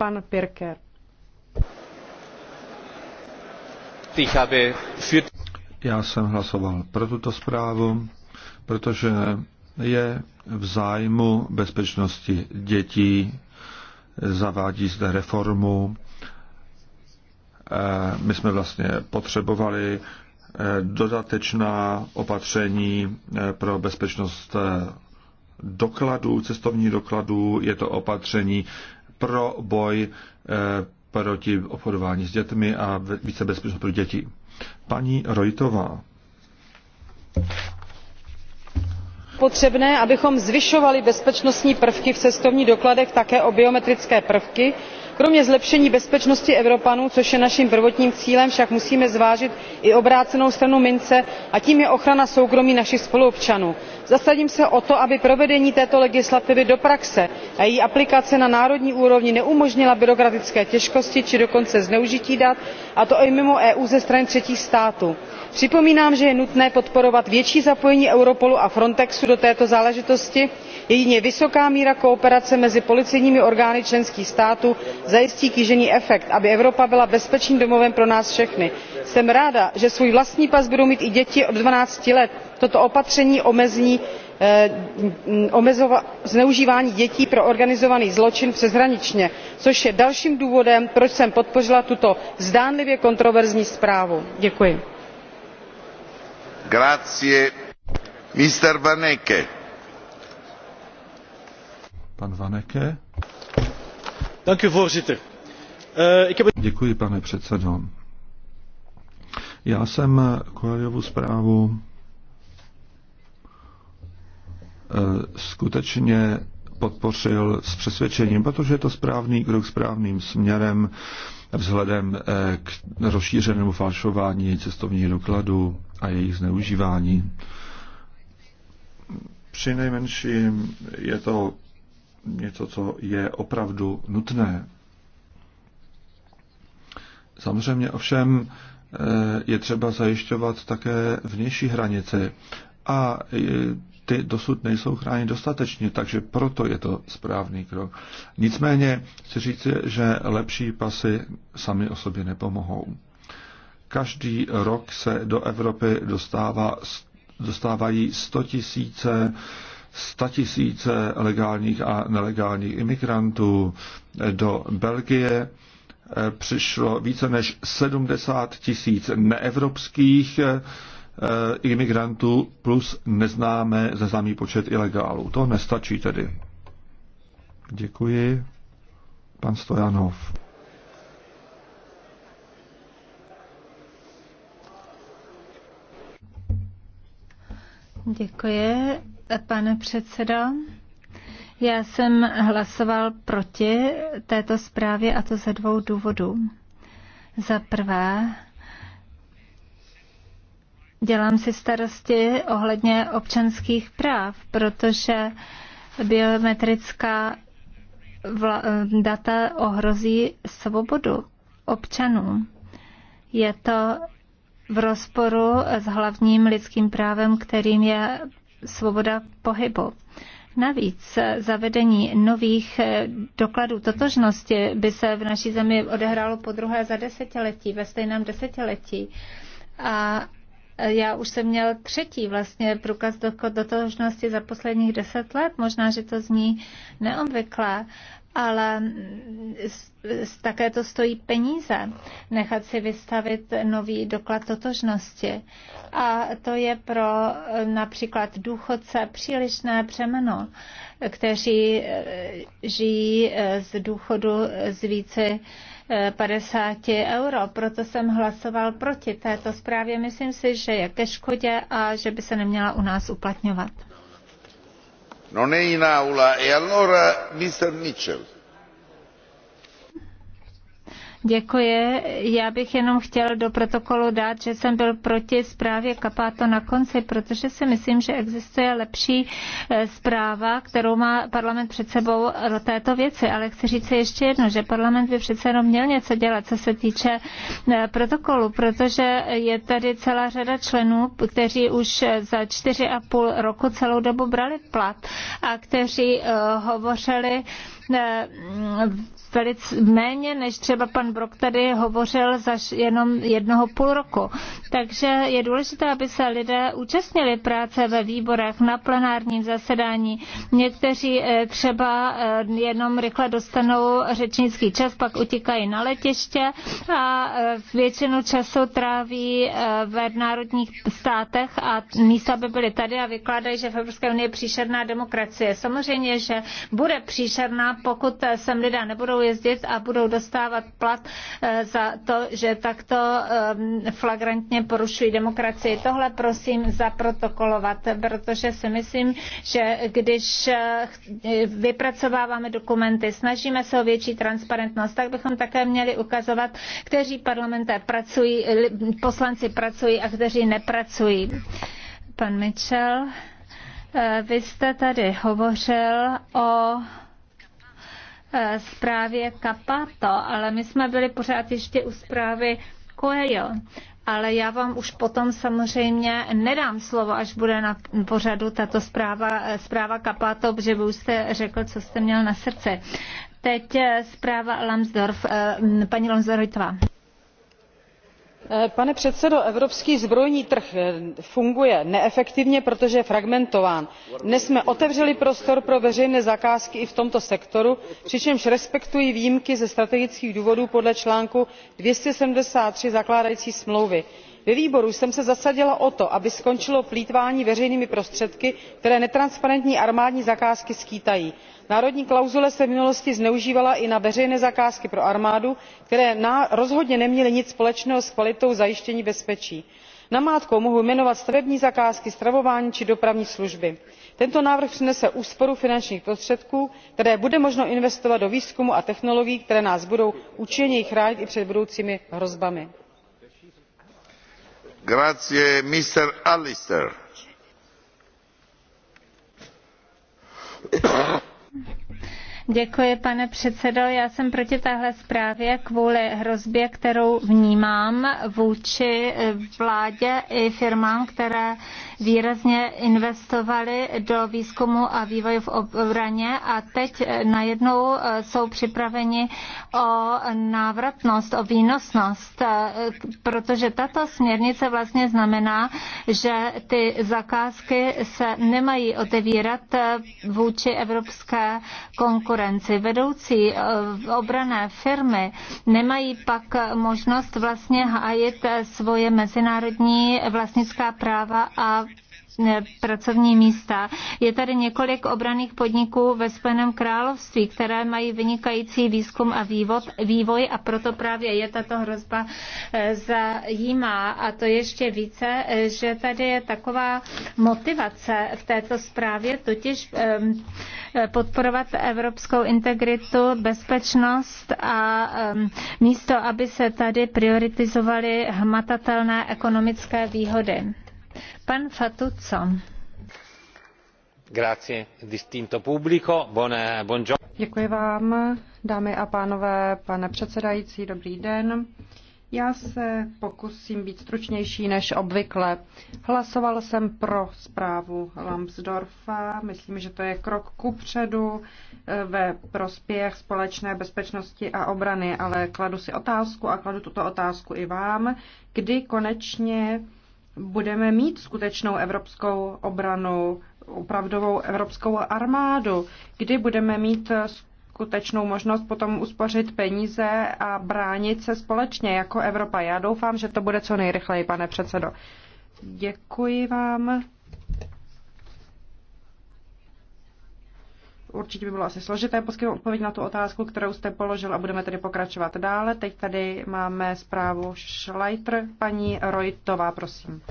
pan Pirker. Já jsem hlasoval pro tuto zprávu, protože je v zájmu bezpečnosti dětí, zavádí zde reformu. Eh, my jsme vlastně potřebovali eh, dodatečná opatření eh, pro bezpečnost dokladů, cestovní dokladů, je to opatření, pro boj eh, proti obchodování s dětmi a více bezpečnost pro děti. Paní Rojtová. Potřebné, abychom zvyšovali bezpečnostní prvky v cestovních dokladech také o biometrické prvky, kromě zlepšení bezpečnosti evropanů což je naším prvotním cílem však musíme zvážit i obrácenou stranu mince a tím je ochrana soukromí našich spoluobčanů. zasadím se o to aby provedení této legislativy do praxe a její aplikace na národní úrovni neumožnila byrokratické těžkosti či dokonce zneužití dat a to i mimo eu ze strany třetích států připomínám že je nutné podporovat větší zapojení europolu a frontexu do této záležitosti jedině vysoká míra kooperace mezi policejními orgány členských států zajistí kýžený efekt aby evropa byla bezpečným domovem pro nás všechny. jsem ráda že svůj vlastní pas budou mít i děti od twelve let toto opatření omezí eh, zneužívání dětí pro organizovaný zločin přeshraničně což je dalším důvodem proč jsem podpořila tuto zdánlivě kontroverzní zprávu. děkuji voorzitter. Eh, Děkuji, pane předsedo. Já jsem eh, Koeljovu zprávu eh, skutečně podpořil s přesvědčením, protože je to správný krok správným směrem vzhledem eh, k rozšířenému falšování cestovních dokladů a jejich zneužívání. Při nejmenším je to něco, co je opravdu nutné. Samozřejmě ovšem eh, je třeba zajišťovat také vnější hranice a eh, ty dosud nejsou chráněny dostatečně, takže proto je to správný krok. Nicméně chci říct, že lepší pasy sami o sobě nepomohou. Každý rok se do Evropy dostává, dostávají 100 tisíce tisíce legálních a nelegálních imigrantů do Belgie eh, přišlo více než 70 tisíc neevropských eh, Eh, imigrantů plus ze neznámý počet ilegálů. To nestačí tedy. Děkuji. Pan Stojanov. Děkuji, pane předsedo. Já jsem hlasoval proti této zprávě a to ze dvou důvodů. Za prvé, dělám si starosti ohledně občanských práv, protože biometrická eh, data ohrozí svobodu občanů. Je to v rozporu s hlavním lidským právem, kterým je svoboda pohybu. Navíc zavedení nových eh, dokladů totožnosti by se v naší zemi odehrálo po druhé za desetiletí, ve stejném desetiletí. A já už jsem měl třetí vlastně průkaz do, do totožnosti za posledních deset let. Možná, že to zní neobvyklé, ale také to stojí peníze nechat si vystavit nový doklad totožnosti. A to je pro eh, například důchodce přílišné přemeno, kteří eh, žijí eh, z důchodu z více 50 euro. Proto jsem hlasoval proti této zprávě. Myslím si, že je ke škodě a že by se neměla u nás uplatňovat. Non è in aula e allora Mr. Mitchell. Děkuji. Já bych jenom chtěl do protokolu dát, že jsem byl proti zprávě Kapáto na konci, protože si myslím, že existuje lepší eh, zpráva, kterou má parlament před sebou do této věci. Ale chci říct ještě jedno, že parlament by přece jenom měl něco dělat, co se týče eh, protokolu, protože je tady celá řada členů, kteří už eh, za čtyři a půl roku celou dobu brali plat a kteří hovořili Eh, velice méně, než třeba pan Brok tady hovořil za jenom jednoho půl roku. Takže je důležité, aby se lidé účastnili práce ve výborech, na plenárním zasedání. Někteří eh, třeba eh, jenom rychle dostanou řečnický čas, pak utíkají na letiště a většinu času tráví ve národních státech a místa by byly tady a vykládají, že v Evropské unii je příšerná demokracie. Samozřejmě, že bude příšerná, pokud sem lidé nebudou jezdit a budou dostávat plat eh, za to, že takto ehm, flagrantně porušují demokracii. Tohle prosím zaprotokolovat, protože si myslím, že když eh, vypracováváme dokumenty, snažíme se o větší transparentnost, tak bychom také měli ukazovat, kteří parlamenté pracují, poslanci pracují a kteří nepracují. Pan Mitchell, eh, vy jste tady hovořil o Eh, zprávě Kapato, ale my jsme byli pořád ještě u zprávy Coelho. Ale já vám už potom samozřejmě nedám slovo, až bude na pořadu tato zpráva, eh, zpráva Kapato, protože vy už jste řekl, co jste měl na srdce. Teď eh, zpráva Lamsdorf, paní Lamsdorf pane předsedo evropský zbrojní trh eh, funguje neefektivně protože je fragmentován. dnes jsme otevřeli prostor pro veřejné zakázky i v tomto sektoru přičemž respektuji výjimky ze strategických důvodů podle článku two hundred and seventy three zakládající smlouvy ve výboru jsem se zasadila o to aby skončilo plýtvání veřejnými prostředky které netransparentní armádní zakázky skýtají. národní klauzule se v minulosti zneužívala i na veřejné zakázky pro armádu které rozhodně neměly nic společného s kvalitou zajištění bezpečí. namátkou mohu jmenovat stavební zakázky stravování či dopravní služby. tento návrh přinese úsporu finančních prostředků které bude možno investovat do výzkumu a technologií které nás budou účinněji chránit i před budoucími hrozbami pane předsedající. Já jsem proti téhle zprávě kvůli hrozbě, kterou vnímám vůči vládě i firmám, které výrazně investovali do výzkumu a vývoje v obraně a teď najednou eh, jsou připraveni o návratnost, o výnosnost, eh, protože tato směrnice vlastně znamená, že ty zakázky se nemají otevírat eh, vůči evropské konkurenci. Vedoucí obrané firmy nemají pak možnost vlastně hájit svoje mezinárodní vlastnická práva a Eh, pracovní místa. Je tady několik obraných podniků ve Spojeném království, které mají vynikající výzkum a vývod, vývoj a proto právě je tato hrozba eh, zajímá. A to ještě více, eh, že tady je taková motivace v této zprávě, totiž ehm, podporovat evropskou integritu, bezpečnost a ehm, místo, aby se tady prioritizovaly hmatatelné ekonomické výhody. Děkuji vám, dámy a pánové, pane předsedající, dobrý den. Já se pokusím být stručnější než obvykle. Hlasoval jsem pro zprávu Lambsdorfa. Myslím, že to je krok ku předu eh, ve prospěch společné bezpečnosti a obrany, ale kladu si otázku a kladu tuto otázku i vám, kdy konečně budeme mít skutečnou evropskou obranu, opravdovou evropskou armádu, kdy budeme mít skutečnou možnost potom uspořit peníze a bránit se společně jako Evropa. Já doufám, že to bude co nejrychleji, pane předsedo. Děkuji vám. Určitě by bylo asi složité poskytnout odpověď na tu otázku, kterou jste položil a budeme tedy pokračovat dále. Teď tady máme zprávu Schleiter. Paní Rojtová, prosím.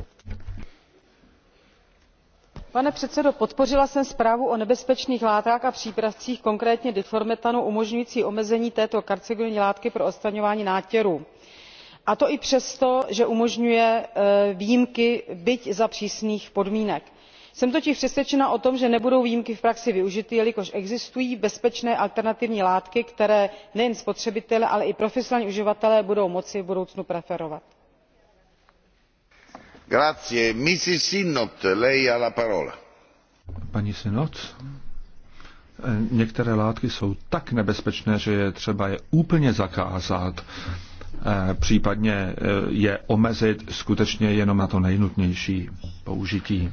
Pane předsedo, podpořila jsem zprávu o nebezpečných látkách a přípravcích, konkrétně diformetanu, umožňující omezení této karcinogenní látky pro odstraňování nátěru. A to i přesto, že umožňuje e, výjimky byť za přísných podmínek jsem totiž přesvědčena o tom že nebudou výjimky v praxi využity jelikož existují bezpečné alternativní látky které nejen spotřebitelé ale i profesionální uživatelé budou moci v budoucnu preferovat. paní synot eh, některé látky jsou tak nebezpečné že je třeba je úplně zakázat eh, případně eh, je omezit skutečně jenom na to nejnutnější použití.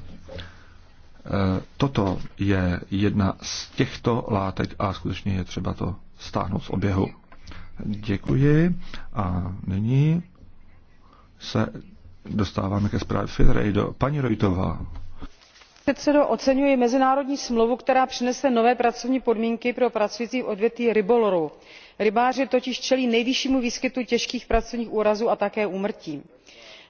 Eh, toto je jedna z těchto látek a skutečně je třeba to stáhnout z oběhu. Děkuji a nyní se dostáváme ke zprávě Fidrejdo. Paní Rojtová. Předsedo, oceňuji mezinárodní smlouvu, která přinese nové pracovní podmínky pro pracující odvětví rybolorů. Rybáři totiž čelí nejvyššímu výskytu těžkých pracovních úrazů a také úmrtí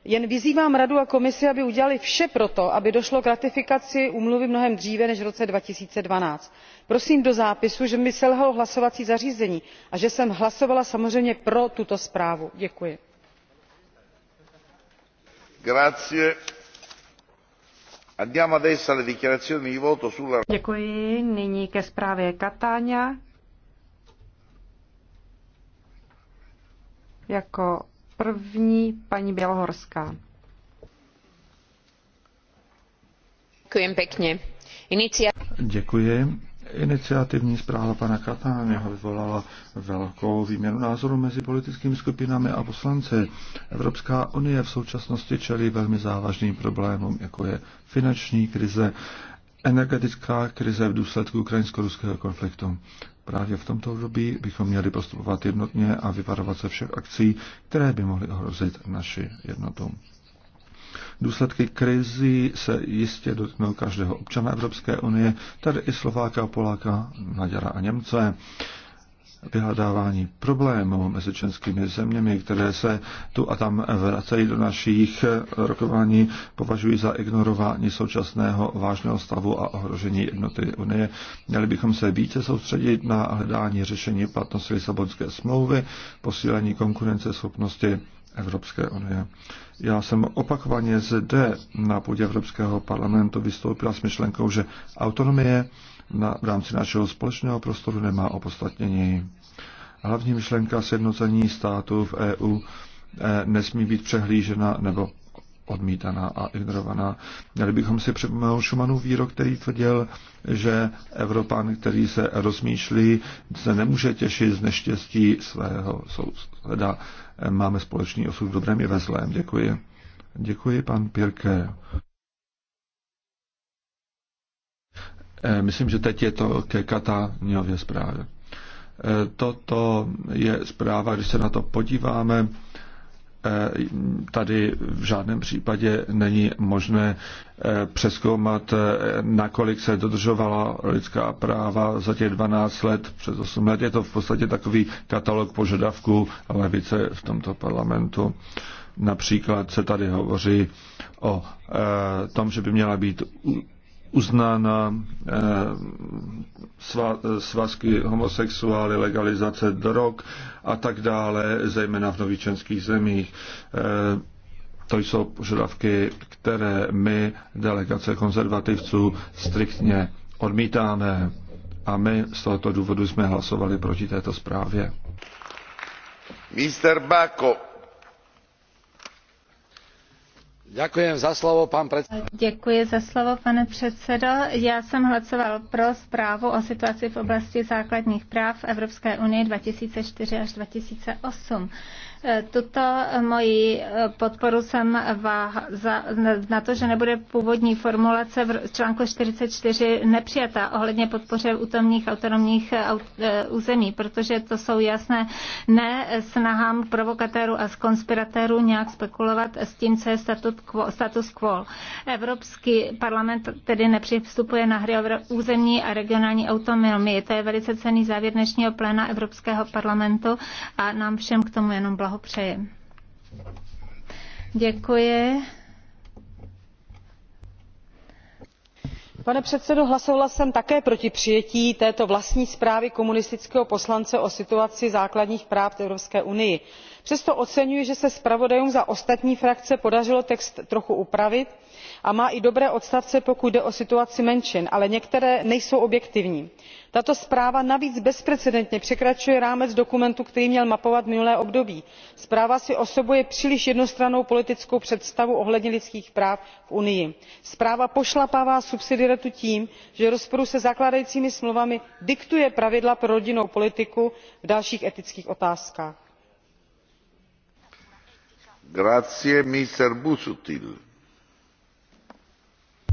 jen vyzývám radu a komisi aby udělaly vše pro to aby došlo k ratifikaci úmluvy mnohem dříve než v roce. two thousand and twelve prosím do zápisu že mi selhalo hlasovací zařízení a že jsem hlasovala samozřejmě pro tuto zprávu. děkuji. děkuji. nyní ke zprávě catania. jako První paní Bělohorská. Děkuji pěkně. Inicia... Děkuji. Iniciativní zpráva pana Katáňa vyvolala velkou výměnu názoru mezi politickými skupinami a poslanci. Evropská unie v současnosti čelí velmi závažným problémům, jako je finanční krize, energetická krize v důsledku ukrajinsko-ruského konfliktu. Právě v tomto období bychom měli postupovat jednotně a vyvarovat se všech akcí, které by mohly ohrozit naši jednotu. Důsledky krizi se jistě dotknou každého občana Evropské unie, tady i Slováka, Poláka, Maďara a Němce vyhledávání problémů mezi členskými zeměmi, které se tu a tam vracejí do našich eh, rokování, považují za ignorování současného vážného stavu a ohrožení jednoty Unie. Měli bychom se více soustředit na hledání řešení platnosti Lisabonské smlouvy, posílení konkurenceschopnosti Evropské unie. Já jsem opakovaně zde na půdě Evropského parlamentu vystoupila s myšlenkou, že autonomie na, v rámci našeho společného prostoru nemá opodstatnění. Hlavní myšlenka sjednocení států v EU e, nesmí být přehlížena nebo odmítaná a ignorovaná. Měli bychom si připomenout Šumanův výrok, který tvrdil, že Evropan, který se rozmýšlí, se nemůže těšit z neštěstí svého souseda. Máme společný osud v dobrém i ve zlém. Děkuji. Děkuji, pan Pirke. Eh, myslím, že teď je to ke Kataňově zprávě. Eh, toto je zpráva, když se na to podíváme, eh, tady v žádném případě není možné přeskoumat, nakolik se dodržovala lidská práva za těch 12 let, přes 8 let. Je to v podstatě takový katalog požadavků levice v tomto parlamentu. Například se tady hovoří o tom, že by měla být uznána eh, svazky homosexuály, legalizace drog a tak dále, zejména v novičenských zemích. Eh, to jsou požadavky, které my, delegace konzervativců, striktně odmítáme. A my z tohoto důvodu jsme hlasovali proti této zprávě. Mr. Bako, Děkuji za slovo, Děkuji za slovo, pane předsedající Já jsem hlasoval pro zprávu o situaci v oblasti základních práv Evropské unie 2004 až 2008. Tuto moji eh, podporu jsem na to, že nebude původní formulace v článku 44 nepřijata, ohledně podpoře útomních autonomních eh, eh, území, protože to jsou jasné ne snahám provokatérů a konspiratérů nějak spekulovat s tím, co je status quo. Evropský parlament tedy nepřistupuje na hry územní a regionální autonomii. To je velice cený závěr dnešního pléna Evropského parlamentu a nám všem k tomu jenom blaho blahopřeji. Děkuji. pane předsedo hlasovala jsem také proti přijetí této vlastní zprávy komunistického poslance o situaci základních práv v evropské unii. přesto oceňuji že se zpravodajům za ostatní frakce podařilo text trochu upravit a má i dobré odstavce pokud jde o situaci menšin ale některé nejsou objektivní. tato zpráva navíc bezprecedentně překračuje rámec dokumentu který měl mapovat minulé období. zpráva si osobuje příliš jednostrannou politickou představu ohledně lidských práv v unii. zpráva pošlapává subsidiaritu tím že v rozporu se zakládajícími smlouvami diktuje pravidla pro rodinnou politiku v dalších etických otázkách.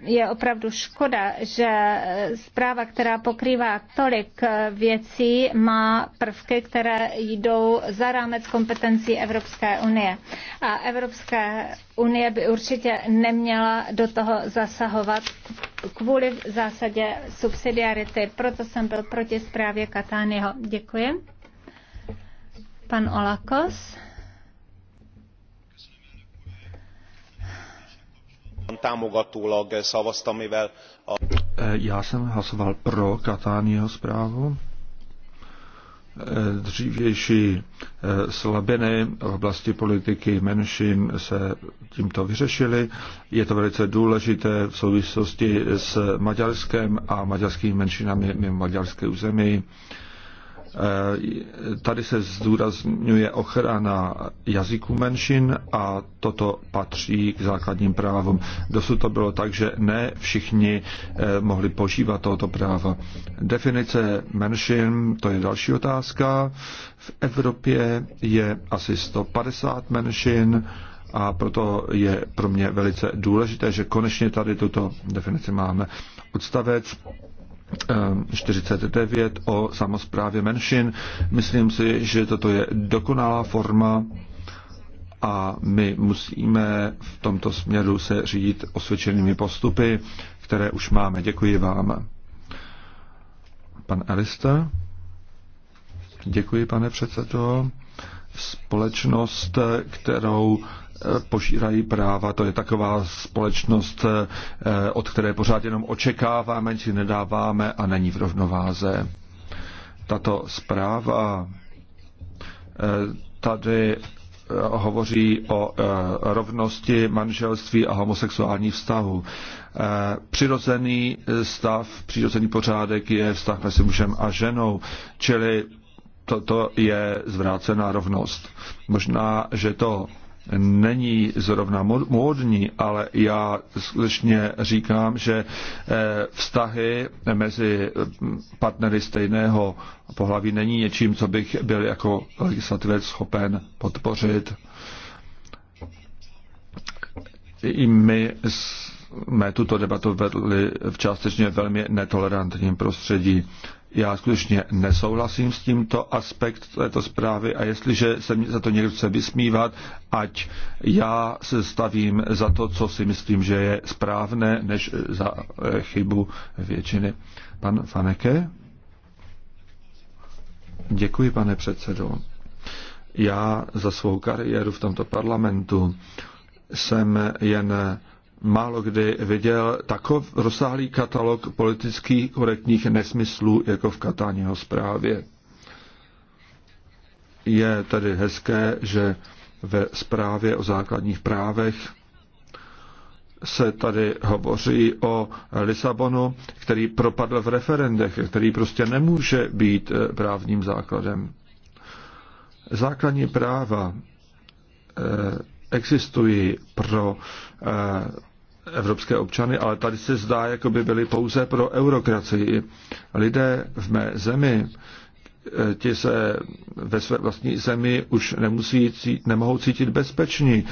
je opravdu škoda, že zpráva, která pokrývá tolik eh, věcí, má prvky, které jdou za rámec kompetencí Evropské unie. A Evropské unie by určitě neměla do toho zasahovat kvůli v zásadě subsidiarity. Proto jsem byl proti zprávě Katányho. Děkuji. Pan Olakos. támogatólag szavaztam, mivel... A... E, já jsem hlasoval pro Katányho zprávu. E, dřívější e, slabiny v oblasti politiky menšin se tímto vyřešily. Je to velice důležité v souvislosti s Maďarskem a maďarskými menšinami mimo maďarské území. Eh, tady se zdůrazňuje ochrana jazyků menšin a toto patří k základním právům. Dosud to bylo tak, že ne všichni eh, mohli požívat tohoto práva. Definice menšin, to je další otázka. V Evropě je asi 150 menšin a proto je pro mě velice důležité, že konečně tady tuto definici máme. Odstavec 49 o samozprávě menšin. Myslím si, že toto je dokonalá forma a my musíme v tomto směru se řídit osvědčenými postupy, které už máme. Děkuji vám. Pan Alista. Děkuji, pane předsedo. Společnost, kterou požírají práva. To je taková společnost, eh, od které pořád jenom očekáváme, či nedáváme a není v rovnováze. Tato zpráva eh, tady eh, hovoří o rovnosti manželství a homosexuální vztahu. Přirozený stav, přirozený pořádek je vztah mezi mužem a ženou, čili toto je zvrácená rovnost. Možná, že to není zrovna módní, ale já skutečně říkám, že eh, vztahy mezi eh, partnery stejného pohlaví není něčím, co bych byl jako legislativec schopen podpořit. I my jsme tuto debatu vedli v částečně velmi netolerantním prostředí. Já skutečně nesouhlasím s tímto aspekt této zprávy a jestliže se mě za to někdo chce vysmívat, ať já se stavím za to, co si myslím, že je správné, než za eh, chybu většiny. Pan Faneke? Děkuji, pane předsedo. Já za svou kariéru v tomto parlamentu jsem jen málo kdy viděl takový rozsáhlý katalog politických korektních nesmyslů jako v Katáního zprávě. Je tedy hezké, že ve zprávě o základních právech se tady hovoří o Lisabonu, který propadl v referendech, který prostě nemůže být eh, právním základem. Základní práva eh, existují pro eh, evropské občany, ale tady se zdá, jako by byly pouze pro eurokracii. Lidé v mé zemi, eh, ti se ve své vlastní zemi už nemusí cít, nemohou cítit bezpeční.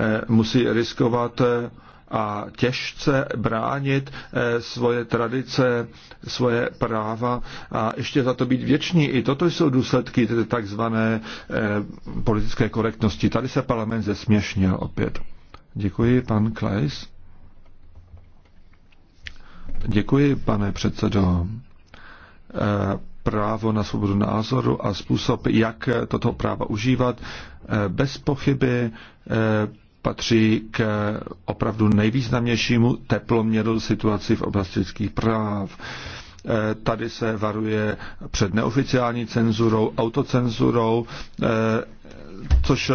Eh, musí riskovat eh, a těžce bránit svoje tradice, svoje práva a ještě za to být věční. I toto jsou důsledky takzvané politické korektnosti. Tady se parlament zesměšnil opět. Děkuji, pan Kleis. Děkuji, pane předsedo. Eh, právo na svobodu názoru a způsob, jak toto práva užívat, eh, bez pochyby eh, patří k opravdu nejvýznamnějšímu teploměru situaci v oblasti lidských práv. Tady se varuje před neoficiální cenzurou, autocenzurou, což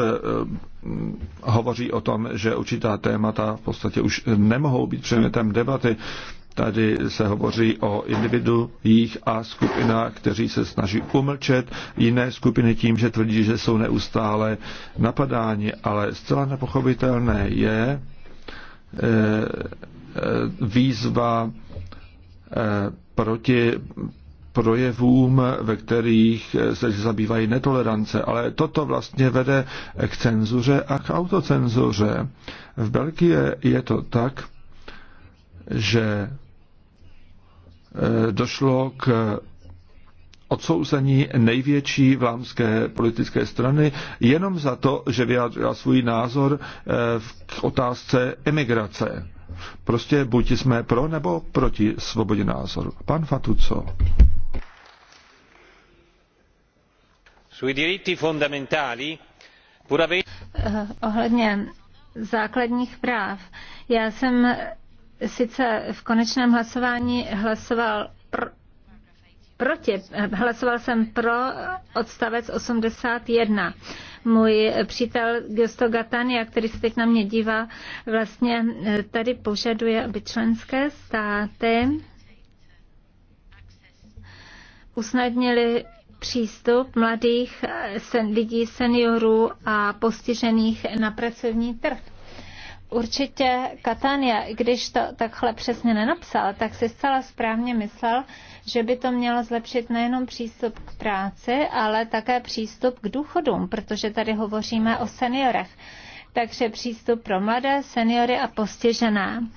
hovoří o tom, že určitá témata v podstatě už nemohou být předmětem debaty. Tady se hovoří o individuích a skupinách, kteří se snaží umlčet jiné skupiny tím, že tvrdí, že jsou neustále napadáni, ale zcela nepochopitelné je eh, eh, výzva eh, proti projevům, ve kterých se zabývají netolerance. Ale toto vlastně vede k cenzuře a k autocenzuře. V Belgii je to tak, že eh, došlo k odsouzení největší vlámské politické strany jenom za to, že vyjádřila svůj názor k eh, otázce emigrace. Prostě buď jsme pro nebo proti svobodě názoru. Pan Fatuco. Eh, ohledně základních práv. Já jsem sice v konečném hlasování hlasoval pr- proti, hlasoval jsem pro odstavec 81. Můj přítel Giusto Gatania, který se teď na mě dívá, vlastně eh, tady požaduje, aby členské státy usnadnili přístup mladých lidí, seniorů a postižených na pracovní trh. Určitě Katania, když to takhle přesně nenapsal, tak si zcela správně myslel, že by to mělo zlepšit nejenom přístup k práci, ale také přístup k důchodům, protože tady hovoříme o seniorech. Takže přístup pro mladé, seniory a postižené.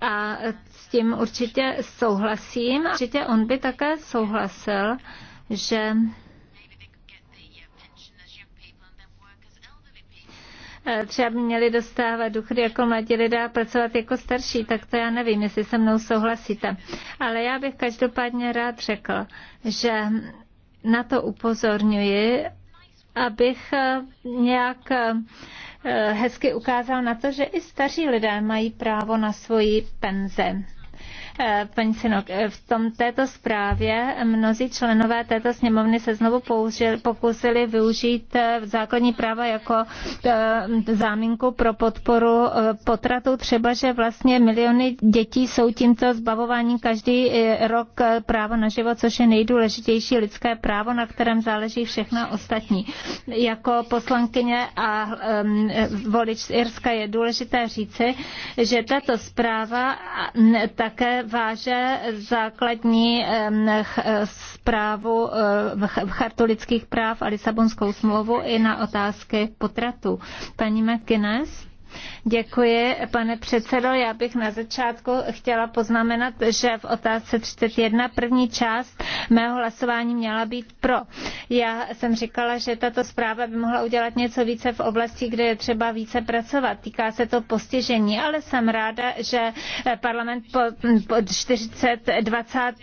A s tím určitě souhlasím. Určitě on by také souhlasil, že E, třeba by měli dostávat důchody jako mladí lidé a pracovat jako starší, tak to já nevím, jestli se mnou souhlasíte. Ale já bych každopádně rád řekl, že na to upozorňuji, abych e, nějak e, hezky ukázal na to, že i staří lidé mají právo na svoji penze. Eh, paní Sinok, eh, v tom, této zprávě mnozí členové této sněmovny se znovu použili, pokusili využít eh, základní práva jako záminku pro podporu potratu, třeba, že vlastně miliony dětí jsou tímto zbavování každý rok práva na život, což je nejdůležitější lidské právo, na kterém záleží všechno ostatní. Jako poslankyně a ehm, volič z Irska je důležité říci, že tato zpráva také váže základní e, zprávu chartu lidských práv a Lisabonskou smlouvu i na otázky potratu. Paní McInnes? Děkuji, pane předsedo. Já bych na začátku chtěla poznamenat, že v otázce 31 první část mého hlasování měla být pro. Já jsem říkala, že tato zpráva by mohla udělat něco více v oblasti, kde je třeba více pracovat. Týká se to postižení, ale jsem ráda, že parlament po, po 40,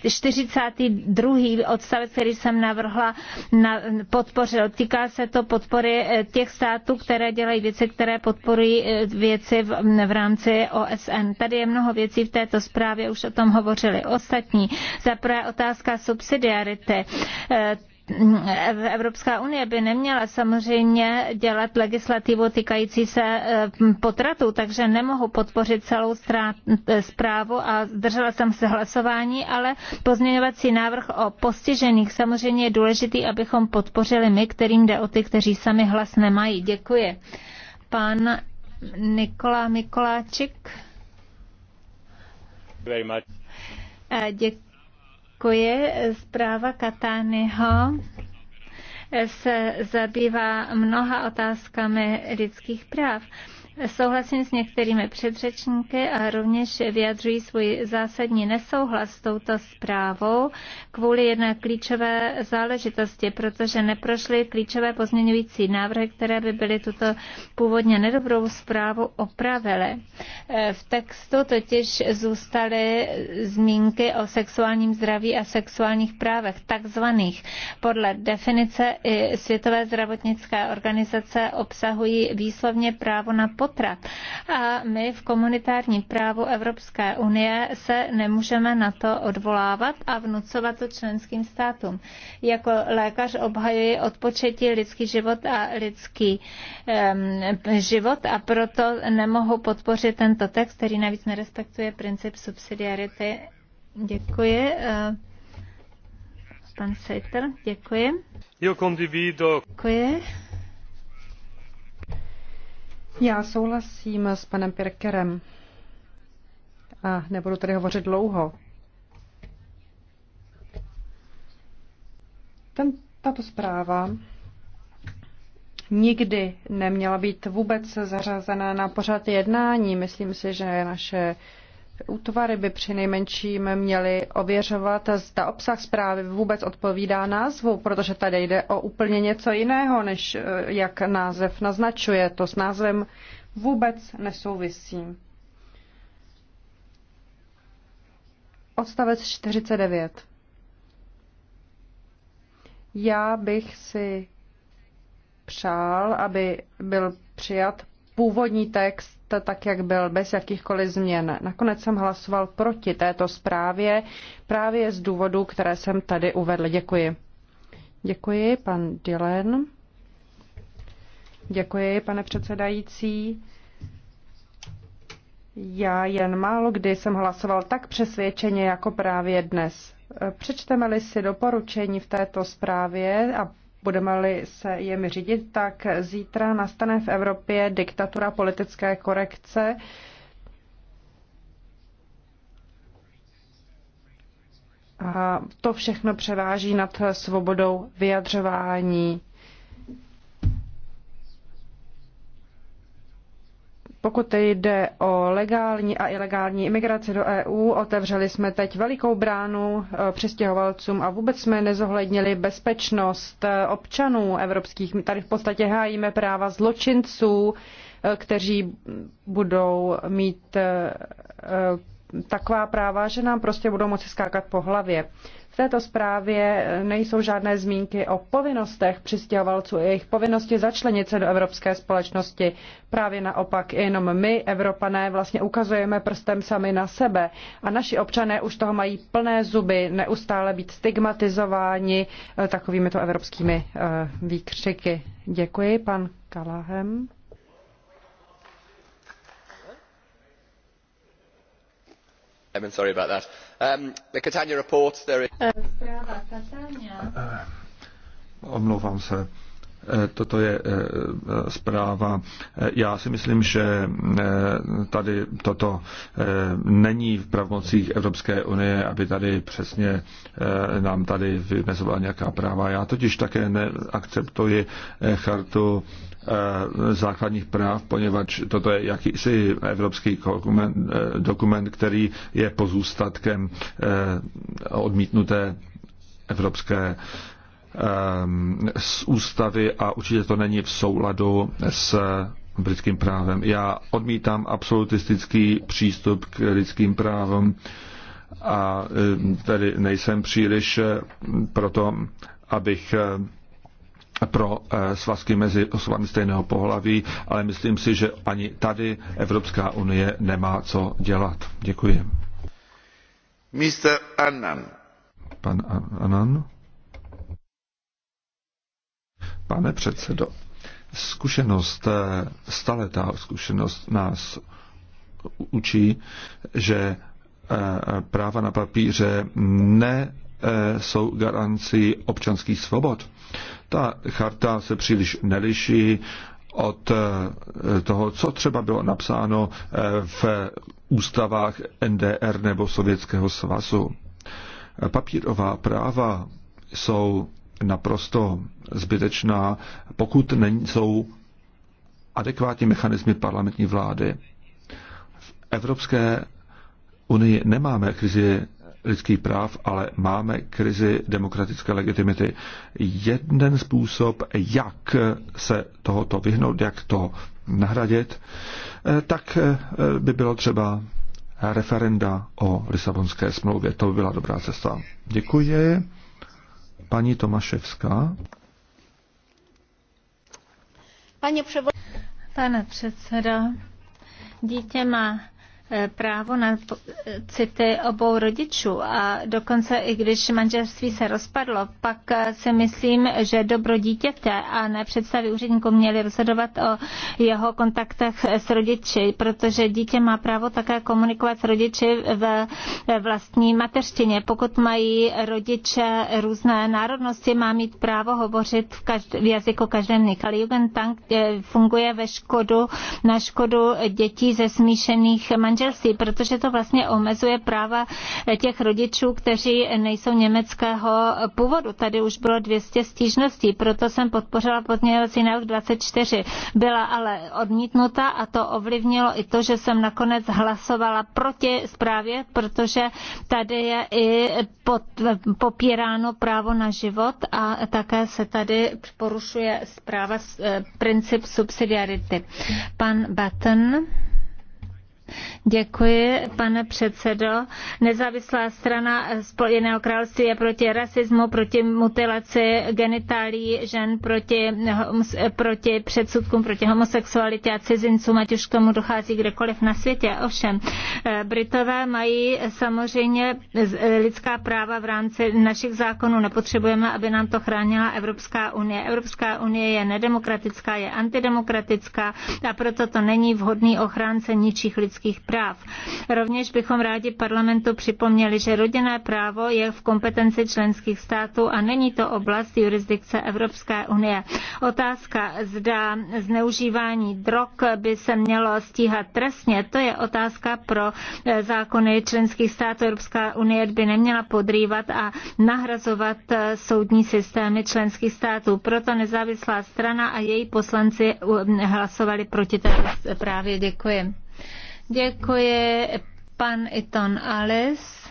42. odstavec, který jsem navrhla, na, podpořil. Týká se to podpory eh, těch států, které dělají věci, které podporují eh, věci v, v rámci OSN. Tady je mnoho věcí v této zprávě, už o tom hovořili ostatní. Za prvé otázka subsidiarity. Eh, Evropská unie by neměla samozřejmě dělat legislativu týkající se eh, potratů, takže nemohu podpořit celou eh, zprávu a zdržela jsem se hlasování, ale pozměňovací návrh o postižených samozřejmě je důležitý, abychom podpořili my, kterým jde o ty, kteří sami hlas nemají. Děkuji. Pan Nikola Mikoláček. Děkuji. Zpráva Katányho se zabývá mnoha otázkami lidských práv Souhlasím s některými předřečníky a rovněž vyjadřují svůj zásadní nesouhlas s touto zprávou kvůli jedné klíčové záležitosti, protože neprošly klíčové pozměňující návrhy, které by byly tuto původně nedobrou zprávu opravily. E, v textu totiž zůstaly zmínky o sexuálním zdraví a sexuálních právech, takzvaných podle definice i Světové zdravotnické organizace obsahují výslovně právo na potrat. A my v komunitárním právu Evropské unie se nemůžeme na to odvolávat a vnucovat to členským státům. Jako lékař obhajuji odpočetí lidský život a lidský um, život a proto nemohu podpořit tento text, který navíc nerespektuje princip subsidiarity. Děkuji. Eh, pan Sejter, děkuji. Děkuji. Já souhlasím s panem Pirkerem a nebudu tady hovořit dlouho. Ten, tato zpráva nikdy neměla být vůbec zařazena na pořad jednání. Myslím si, že naše Útvary by při nejmenším měly ověřovat, zda obsah zprávy vůbec odpovídá názvu, protože tady jde o úplně něco jiného, než eh, jak název naznačuje. To s názvem vůbec nesouvisí. Odstavec 49. Já bych si přál, aby byl přijat původní text, tak jak byl, bez jakýchkoliv změn. Nakonec jsem hlasoval proti této zprávě právě z důvodů, které jsem tady uvedl. Děkuji. Děkuji, pan Dylan. Děkuji, pane předsedající. Já jen málo kdy jsem hlasoval tak přesvědčeně jako právě dnes. Přečteme-li si doporučení v této zprávě a Budeme-li se jim řídit, tak zítra nastane v Evropě diktatura politické korekce. A to všechno převáží nad svobodou vyjadřování. Pokud jde o legální a ilegální imigraci do EU, otevřeli jsme teď velikou bránu eh, přistěhovalcům a vůbec jsme nezohlednili bezpečnost eh, občanů evropských. Tady v podstatě hájíme práva zločinců, eh, kteří budou mít taková práva, že nám prostě budou moci skákat po hlavě. V této zprávě nejsou žádné zmínky o povinnostech přistěhovalců a jejich povinnosti začlenit se do evropské společnosti. Právě naopak, jenom my, Evropané, vlastně ukazujeme prstem sami na sebe a naši občané už toho mají plné zuby, neustále být stigmatizováni eh, takovými to evropskými eh, výkřiky. Děkuji, pan Kalahem. I'm sorry about that. Um, the Catania report, there is... Eh, zpráva Catania. Eh, omlouvám se. Eh, toto je eh, eh, zpráva. Já si myslím, že tady toto není v pravomocích Evropské unie, aby tady přesně nám tady vymezovala nějaká práva. Já totiž také neakceptuji chartu základních práv, poněvadž toto je jakýsi evropský dokument, dokument který je pozůstatkem odmítnuté evropské Ehm, z ústavy a určitě to není v souladu s britským právem. Já odmítám absolutistický přístup k lidským právům a ehm, tedy nejsem příliš eh, proto, abych eh, pro eh, svazky mezi osobami stejného pohlaví, ale myslím si, že ani tady Evropská unie nemá co dělat. Děkuji. Mr. Annan. Pan Annan. Pane předsedo, zkušenost, eh, staletá zkušenost nás učí, že eh, práva na papíře ne eh, jsou garancí občanských svobod. Ta charta se příliš neliší od toho, co třeba bylo napsáno v ústavách NDR nebo Sovětského svazu. Papírová práva jsou naprosto zbytečná, pokud jsou adekvátní mechanismy parlamentní vlády. V Evropské unii nemáme krizi lidských práv, ale máme krizi demokratické legitimity. Jeden způsob, jak se tohoto vyhnout, jak to nahradit, eh, tak eh, by bylo třeba referenda o Lisabonské smlouvě. To by byla dobrá cesta. Děkuji paní Tomaševská. Pane předseda, dítě má Eh, právo na city obou rodičů a dokonce i když manželství se rozpadlo, pak eh, si myslím, že dobro dítěte a ne představy úředníků měli rozhodovat o jeho kontaktech s rodiči, protože dítě má právo také komunikovat s rodiči ve vlastní mateřštině. Pokud mají rodiče různé národnosti, má mít právo hovořit v, každé, v jazyku každém Ale Jugendtank eh, funguje ve škodu, na škodu dětí ze smíšených manželství manželství, protože to vlastně omezuje práva těch rodičů, kteří nejsou německého původu. Tady už bylo 200 stížností, proto jsem podpořila podměňovací návrh 24. Byla ale odmítnuta a to ovlivnilo i to, že jsem nakonec hlasovala proti zprávě, protože tady je i pod, popíráno právo na život a také se tady porušuje zpráva, eh, princip subsidiarity. Pan Batten. Děkuji, pane předsedo. Nezávislá strana Spojeného království je proti rasismu, proti mutilaci genitálií žen, proti, proti předsudkům, proti homosexualitě a cizincům, ať už k tomu dochází kdekoliv na světě. Ovšem, eh, Britové mají samozřejmě lidská práva v rámci našich zákonů. Nepotřebujeme, aby nám to chránila Evropská unie. Evropská unie je nedemokratická, je antidemokratická a proto to není vhodný ochránce ničích lidských lidských práv. Rovněž bychom rádi parlamentu připomněli, že rodinné právo je v kompetenci členských států a není to oblast jurisdikce Evropské unie. Otázka, zda zneužívání drog by se mělo stíhat trestně, to je otázka pro eh, zákony členských států Evropská unie by neměla podrývat a nahrazovat eh, soudní systémy členských států. Proto nezávislá strana a její poslanci hm, hlasovali proti této právě. Děkuji. Děkuji pan Iton Alice.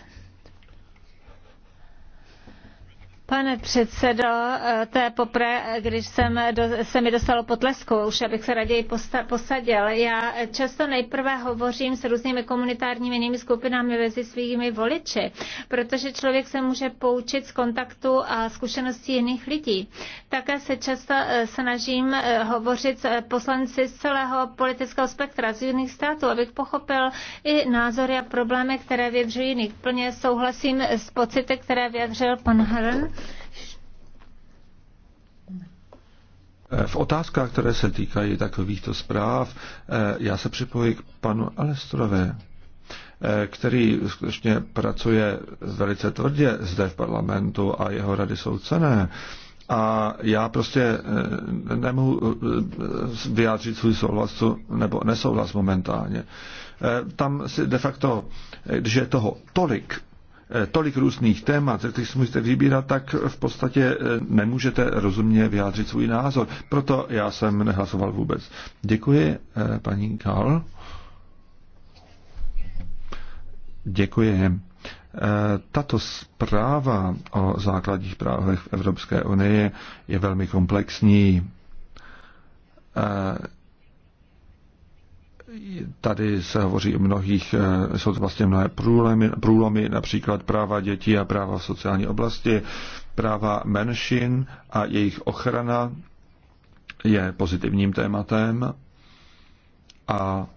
Pane předsedo, eh, to je poprvé, když jsem do, se mi dostalo potlesku, už abych se raději posta, posadil. Já často nejprve hovořím s různými komunitárními jinými skupinami mezi svými voliči, protože člověk se může poučit z kontaktu a zkušeností jiných lidí. Také se často eh, snažím eh, hovořit s poslanci z celého politického spektra, z jiných států, abych pochopil i názory a problémy, které vyjadřují jiných. Plně souhlasím s pocity, které vyjadřil pan Hrn. Eh, v otázkách, které se týkají takovýchto zpráv, eh, já se připojuji k panu Alestrové, eh, který skutečně pracuje velice tvrdě zde v parlamentu a jeho rady jsou cené. A já prostě nemohu vyjádřit svůj souhlas nebo nesouhlas momentálně. Tam si de facto, když je toho tolik, Eh, tolik různých témat, ze kterých si můžete vybírat, tak v podstatě eh, nemůžete rozumně vyjádřit svůj názor. Proto já jsem nehlasoval vůbec. Děkuji, eh, paní Karl. Děkuji. Tato zpráva o základních právech v Evropské unii je velmi komplexní Tady se hovoří o mnohých, eh, jsou to vlastně mnohé průlomy, průlomy, například práva dětí a práva v sociální oblasti, práva menšin a jejich ochrana je pozitivním tématem a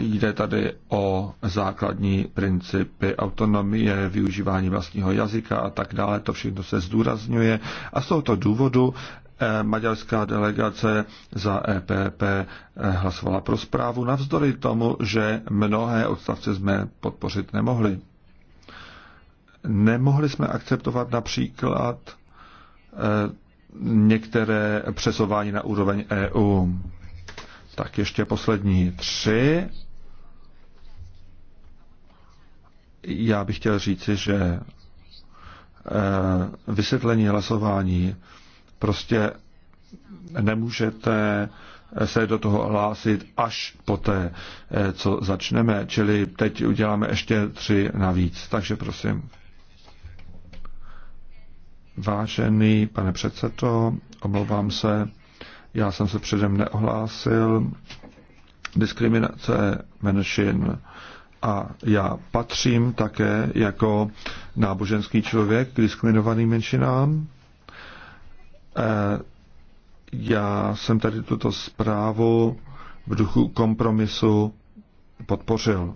jde tady o základní principy autonomie, využívání vlastního jazyka a tak dále. To všechno se zdůrazňuje a z tohoto důvodu Eh, maďarská delegace za EPP eh, hlasovala pro zprávu, navzdory tomu, že mnohé odstavce jsme podpořit nemohli. Nemohli jsme akceptovat například eh, některé přesování na úroveň EU. Tak ještě poslední tři. Já bych chtěl říci, že vysvětlení hlasování Prostě nemůžete se do toho hlásit až poté, eh, co začneme. Čili teď uděláme ještě tři navíc. Takže prosím. Vážený pane předsedo, omlouvám se, já jsem se předem neohlásil. Diskriminace menšin a já patřím také jako náboženský člověk k diskriminovaným menšinám Eh, já jsem tady tuto zprávu v duchu kompromisu podpořil.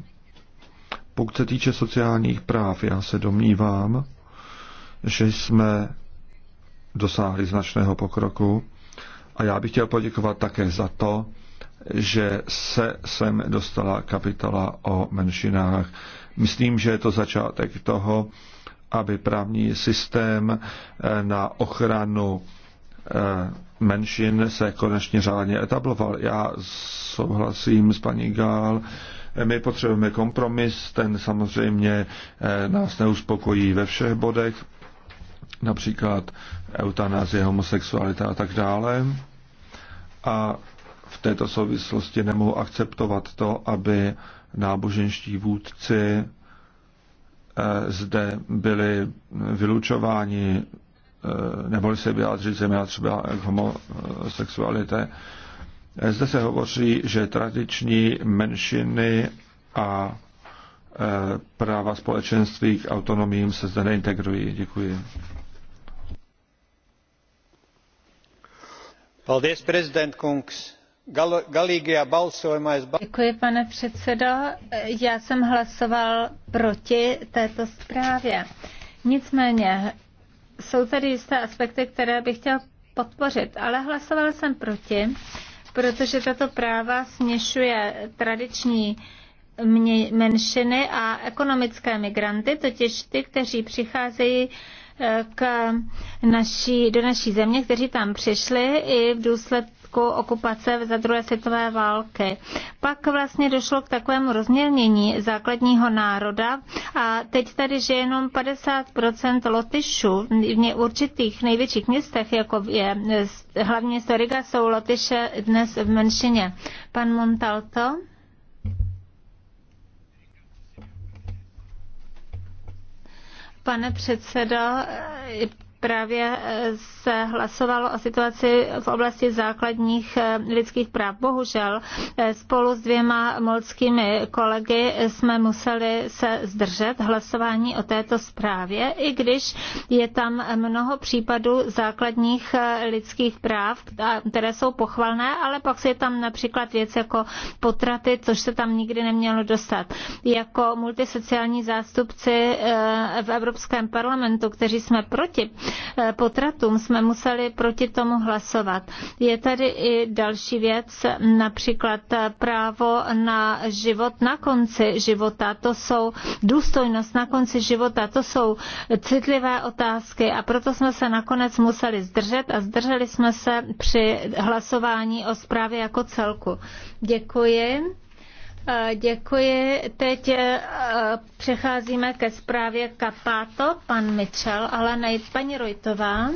Pokud se týče sociálních práv, já se domnívám, že jsme dosáhli značného pokroku a já bych chtěl poděkovat také za to, že se sem dostala kapitola o menšinách. Myslím, že je to začátek toho, aby právní systém eh, na ochranu Eh, menšin se konečně řádně etabloval. Já souhlasím s paní Gál, my potřebujeme kompromis, ten samozřejmě eh, nás neuspokojí ve všech bodech, například eutanázie, homosexualita a tak dále. A v této souvislosti nemohu akceptovat to, aby náboženští vůdci eh, zde byli vylučováni Eh, neboli se vyjádřit země třeba k homosexualitě. Eh, zde se hovoří, že tradiční menšiny a eh, práva společenství k autonomím se zde neintegrují. Děkuji. Paldies, prezident Kungs. Děkuji, pane předsedo. Já jsem hlasoval proti této zprávě. Nicméně jsou tady jisté aspekty, které bych chtěl podpořit, ale hlasoval jsem proti, protože tato práva směšuje tradiční menšiny a ekonomické migranty, totiž ty, kteří přicházejí eh, k naší, do naší země, kteří tam přišli i v důsledku důsledku okupace za druhé světové války. Pak vlastně došlo k takovému rozmělnění základního národa a teď tady žije jenom 50% Lotyšů v určitých největších městech, jako je hlavně Storiga, jsou Lotyše dnes v menšině. Pan Montalto? Pane předsedo, právě eh, se hlasovalo o situaci v oblasti základních eh, lidských práv. Bohužel eh, spolu s dvěma molskými kolegy jsme museli se zdržet hlasování o této zprávě, i když je tam mnoho případů základních lidských práv, které jsou pochvalné, ale pak je tam například věc jako potraty, což se tam nikdy nemělo dostat. Jako multisociální zástupci v Evropském parlamentu, kteří jsme proti Eh, potratům jsme museli proti tomu hlasovat. Je tady i další věc, například eh, právo na život na konci života. To jsou důstojnost na konci života. To jsou citlivé otázky a proto jsme se nakonec museli zdržet a zdrželi jsme se při hlasování o zprávě jako celku. Děkuji. Děkuji. Teď e, přecházíme ke zprávě Kapáto, pan Mitchell, ale nej, paní Rojtová.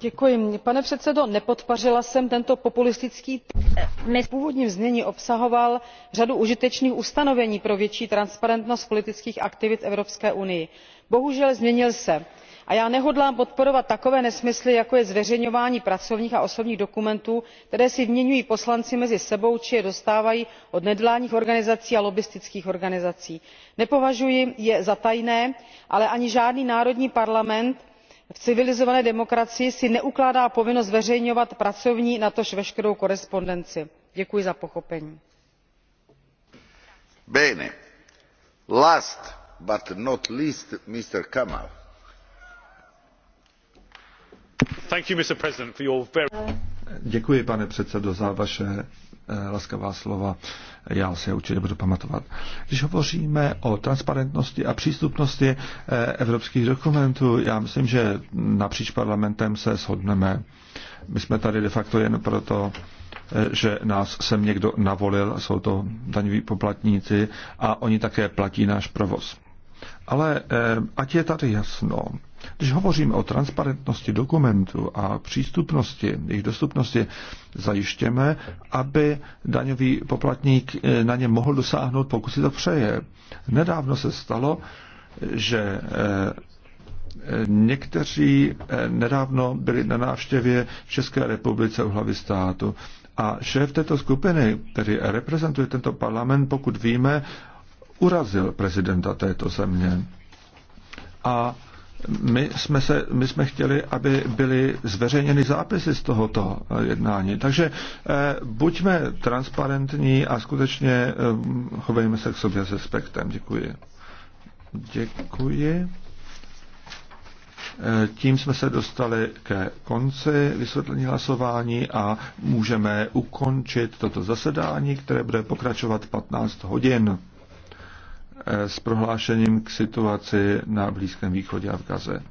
Děkuji. pane předsedající nepodpořila jsem tento populistický text. E, v původním znění obsahoval řadu užitečných ustanovení pro větší transparentnost politických aktivit v evropské unii. bohužel změnil se a já nehodlám podporovat takové nesmysly jako je zveřejňování pracovních a osobních dokumentů které si vyměňují poslanci mezi sebou či je dostávají od nevládních organizací a lobbistických organizací. nepovažuji je za tajné ale ani žádný národní parlament v civilizované demokracii si neukládá povinnost zveřejňovat pracovní natož veškerou korespondenci. děkuji za pochopení. Bene. last but not least mr. Kamal. Děkuji, pane předsedo, za vaše eh, laskavá slova. Já se je určitě budu pamatovat. Když hovoříme o transparentnosti a přístupnosti eh, evropských dokumentů, já myslím, že napříč parlamentem se shodneme. My jsme tady de facto jen proto, eh, že nás sem někdo navolil, jsou to daňoví poplatníci a oni také platí náš provoz. Ale ať je tady jasno, když hovoříme o transparentnosti dokumentů a přístupnosti, jejich dostupnosti, zajištěme, aby daňový poplatník eh, na ně mohl dosáhnout, pokud si to přeje. Nedávno se stalo, že eh, někteří eh, nedávno byli na návštěvě v České republice u hlavy státu a šéf této skupiny, který reprezentuje tento parlament, pokud víme, urazil prezidenta této země. A my jsme, se, my jsme chtěli, aby byly zveřejněny zápisy z tohoto eh, jednání. Takže eh, buďme transparentní a skutečně eh, chovejme se k sobě s respektem. Děkuji. Děkuji. Eh, tím jsme se dostali ke konci vysvětlení hlasování a můžeme ukončit toto zasedání, které bude pokračovat 15 hodin s prohlášením k situaci na Blízkém východě a v Gaze.